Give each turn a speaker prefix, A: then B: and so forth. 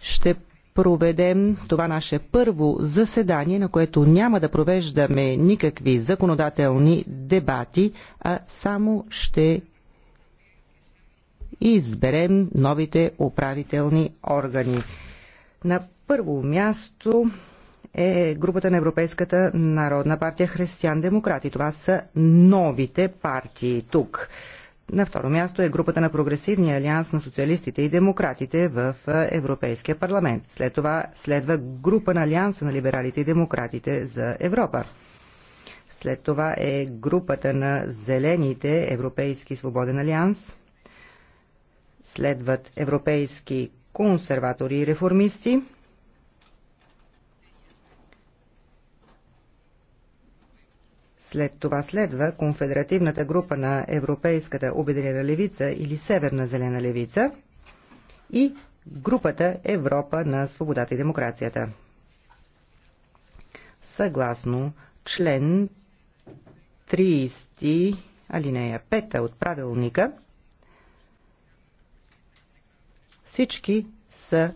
A: ще проведем това наше първо заседание, на което няма да провеждаме никакви законодателни дебати, а само ще изберем новите управителни органи. На първо място е групата на Европейската народна партия Християн-демократи. Това са новите партии тук. На второ място е групата на Прогресивния алианс на социалистите и демократите в Европейския парламент. След това следва група на Алианса на либералите и демократите за Европа. След това е групата на Зелените Европейски свободен алианс. Следват Европейски консерватори и реформисти. След това следва конфедеративната група на Европейската обединена левица или Северна зелена левица и групата Европа на свободата и демокрацията. Съгласно член 30 алинея 5 от правилника, всички са